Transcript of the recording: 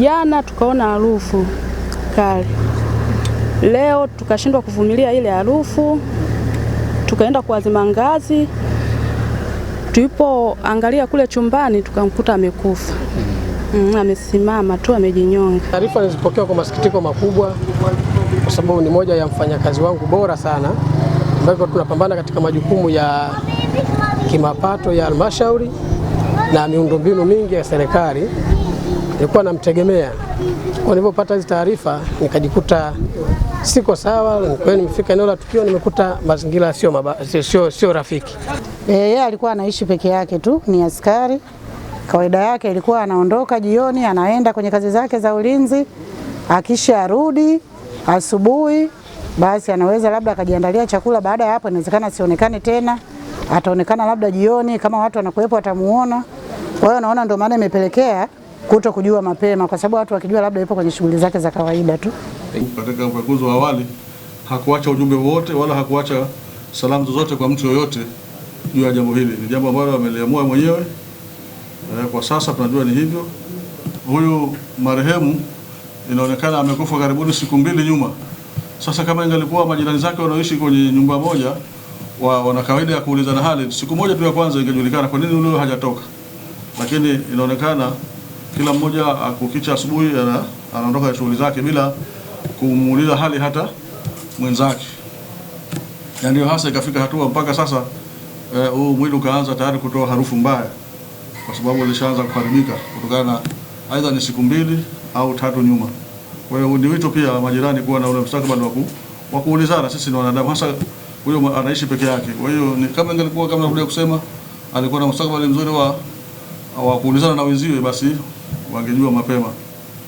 Jana tukaona harufu kali, leo tukashindwa kuvumilia ile harufu, tukaenda kuazima ngazi. Tulipoangalia kule chumbani tukamkuta amekufa. Mm, amesimama tu amejinyonga. Taarifa nilizopokea kwa masikitiko makubwa, kwa sababu ni moja ya mfanyakazi wangu bora sana, ambapo tunapambana katika majukumu ya kimapato ya halmashauri na miundombinu mingi ya serikali nilikuwa namtegemea. Kwa nilipopata hizi taarifa nikajikuta siko sawa. Kwa hiyo nimefika eneo la tukio, nimekuta mazingira sio sio sio rafiki. Eh, yeye alikuwa anaishi peke yake tu, ni askari kawaida yake ilikuwa anaondoka jioni anaenda kwenye kazi zake za ulinzi, akisha arudi asubuhi, basi anaweza labda akajiandalia chakula. Baada ya hapo, inawezekana sionekane tena, ataonekana labda jioni, kama watu wanakuwepo watamuona. Kwa hiyo naona ndio maana imepelekea kuto kujua mapema, kwa sababu watu wakijua labda yupo kwenye shughuli zake za kawaida tu. Katika ukaguzi wa awali hakuacha ujumbe wowote wala hakuacha salamu zozote kwa mtu yoyote juu ya jambo hili. Ni jambo ambalo ameliamua mwenyewe, eh, kwa sasa tunajua ni hivyo. Huyu marehemu inaonekana amekufa karibuni siku mbili nyuma. Sasa kama ingalikuwa majirani zake wanaoishi kwenye nyumba moja wa, wana kawaida ya kuulizana hali, siku moja tu ya kwanza ingejulikana kwa nini huyo hajatoka, lakini inaonekana kila mmoja kukicha asubuhi anaondoka shughuli zake bila kumuuliza hali hata mwenzake, na ndio hasa ikafika hatua mpaka sasa eh, huu uh, mwili ukaanza tayari kutoa harufu mbaya, kwa sababu ulishaanza kuharibika kutokana na aidha ni siku mbili au tatu nyuma. Kwa hiyo ni wito pia majirani kuwa na ule mustakabali wa kuulizana, sisi ni wanadamu, hasa huyo anaishi peke yake. Kwa hiyo kama ingelikuwa kama nilivyokusema, alikuwa na mustakabali mzuri wa wa kuulizana na wenziwe basi wangejua mapema.